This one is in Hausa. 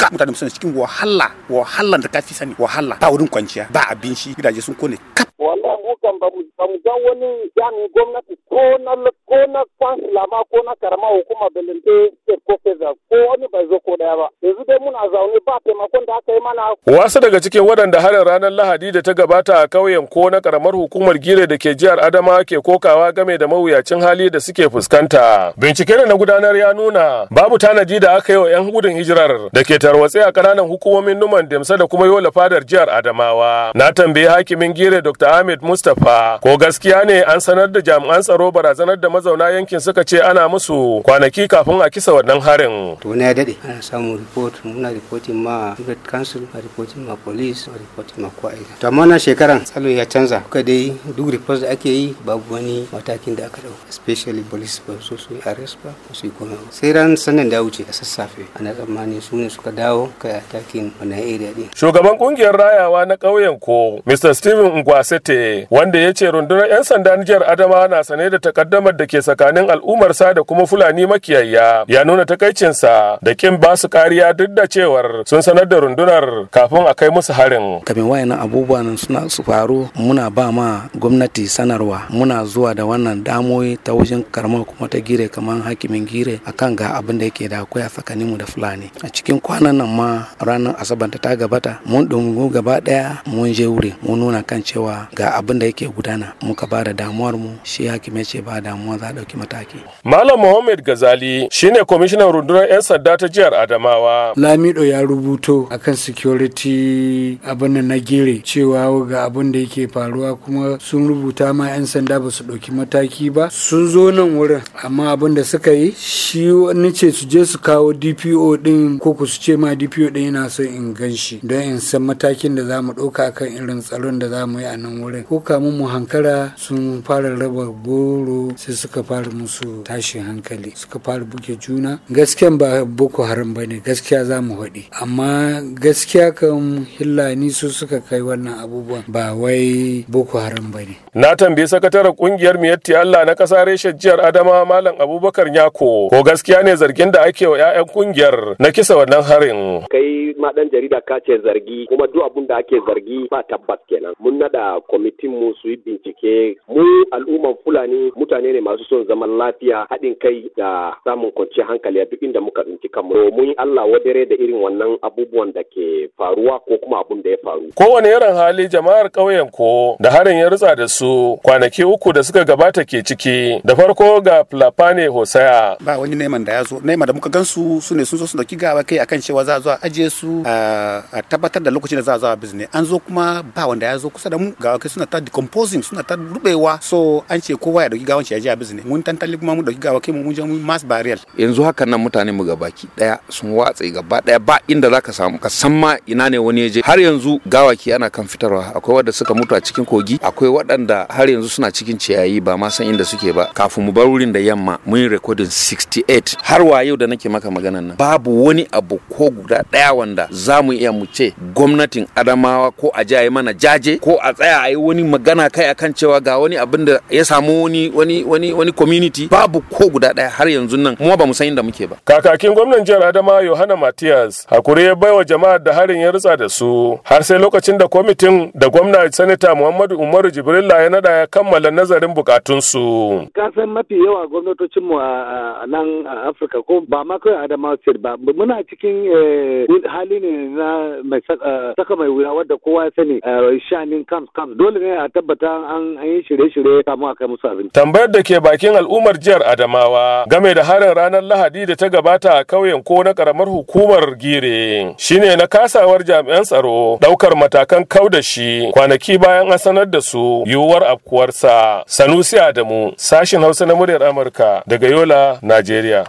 duka mutane suna cikin wahala wahala da kafi sani wahala ba wurin kwanciya ba abinci. shi gidaje sun kone kap wallahi mu kan ba mu ga wani jami'in gwamnati ko na ko na kwan silama ko na karama hukuma belente state ko federal ko wani bai zo ko daya ba yanzu dai muna zaune ba taimakon da aka yi mana. wasu daga cikin waɗanda harin ranar lahadi da ta gabata a ƙauyen ko na karamar hukumar gire da ke jihar adama ke kokawa game da mawuyacin hali da suke fuskanta bincike da na gudanar ya nuna babu tanadi da aka yi wa 'yan gudun hijirar da ke tarwatse a ƙananan hukumomin numan demsa da kuma yola fadar jihar adamawa na tambayi hakimin gire dr ahmed musa Mustapha ko gaskiya ne an sanar da jami'an tsaro barazanar da mazauna yankin suka ce ana musu kwanaki kafin a kisa wannan harin. To na ya dade ana samu report muna reporting ma Red Council a reporting ma police a reporting ma kowa To amma na shekaran tsalo ya canza kuka dai duk report da ake yi babu wani matakin da aka dauka especially police ba su su arrest ba su yi komai sai ran sanin da wuce a sassafe ana tsammani su ne suka dawo kai attacking wannan area din. Shugaban kungiyar rayawa na ƙauyen ko Mr. Steven Ngwasete wanda ya ce rundunar 'yan sanda jihar Adama na sane da takaddamar da ke tsakanin al'ummarsa da kuma Fulani makiyayya Ya nuna takaicinsa da kin ba su kariya duk da cewar sun sanar da rundunar kafin a kai musu harin. Kamin wayannan abubuwan suna su faru muna ba ma gwamnati sanarwa muna zuwa da wannan damoyi ta wajen kuma ta gire kamar hakimin gire akan ga abin da yake da akwai a mu da Fulani. A cikin kwanan nan ma ranar asabar ta gabata mun dungu gaba daya mun je wuri mun nuna kan cewa ga abin da yake gudana muka ba da damuwar mu shi ya ce ba damuwa za a ɗauki mataki. Malam Muhammad Gazali shine kwamishinan rundunar 'yan sanda ta jihar Adamawa. Lamido ya rubuto akan security abin na gire cewa ga abin da yake faruwa kuma sun rubuta ma 'yan sanda ba su ɗauki mataki ba sun zo nan wurin amma abin da suka yi shi wani ce su je su kawo DPO din ko ku su ce ma DPO din yana son in gan don in san matakin da za mu ɗauka kan irin tsaron da za mu yi a nan wurin ko ko mun mu hankara sun fara raba goro sai suka fara musu tashin hankali suka fara buge juna gaskiya ba boko haram bane gaskiya za mu haɗi amma gaskiya kan hillani su suka kai wannan abubuwan ba wai boko haram bane na tambayi sakataren kungiyar miyatti Allah na kasa reshen jiyar Adama Malam Abubakar Nyako ko gaskiya ne zargin da ake wa 'ya'yan kungiyar na kisa wannan harin kai ma dan jarida ka ce zargi kuma duk abun da ake zargi ba tabbas kenan mun nada kwamitin gwamnatin mu su yi bincike mu al'umman fulani mutane ne masu son zaman lafiya haɗin kai da samun kwanciyar hankali a duk inda muka tsinci kanmu mun yi Allah wadare da irin wannan abubuwan da ke faruwa ko kuma abun da ya faru kowane irin hali jama'ar ƙauyen ko da harin ya rutsa da su kwanaki uku da suka gabata ke ciki da farko ga Flapane Hosaya ba wani neman da ya zo neman da muka gansu su ne sun zo su dauki gawa kai akan cewa za a zo a ajiye su a tabbatar da lokacin da za a zo a bizne an zo kuma ba wanda ya zo kusa da mu gawa kai suna ta ta decomposing suna ta rubewa so an ce kowa ya dauki gawan shi ya je a bizne mun tantali kuma mu dauki gawa kai mu je mu mass burial yanzu hakan nan mutane mu gabaki daya sun watse gaba daya ba inda zaka samu ka san ma ina ne wani ya je har yanzu gawa gawaki ana kan fitarwa akwai wanda suka mutu a cikin kogi akwai waɗanda har yanzu suna cikin ciyayi ba ma san inda suke ba kafin mu bar wurin da yamma mun yi recording 68 har wa yau da nake maka maganan nan babu wani abu ko guda daya wanda za iya mu ce gwamnatin adamawa ko a mana jaje ko a tsaya a yi wani magana kai akan cewa ga wani abin da ya samu wani wani wani wani community babu ko guda daya har yanzu nan mu ba mu san inda muke ba kakakin gwamnan jihar Adama Yohana Matias hakuri ya baiwa jama'ar da harin ya rutsa da su har sai lokacin da kwamitin da gwamna sanata Muhammadu Umaru Jibrilla ya nada ya kammala nazarin bukatunsu ka san mafi yawa gwamnatocin mu a nan Afirka ko ba ma kai Adama State ba muna cikin eh, hali ne na mai eh, saka mai wuya wadda kowa ya sani eh, shanin kam-kam dole ne a tabbata an yi shirye-shirye kamun a kai musu abinci. Tambayar da ke bakin al'ummar jihar Adamawa game da harin ranar Lahadi da ta gabata a kauyen ko na ƙaramar hukumar Gire shine na kasawar jami'an tsaro ɗaukar matakan kau da shi kwanaki bayan an sanar da su yiwuwar afkuwarsa. Sanusi Adamu sashin Hausa na muryar Amurka daga Yola, Najeriya.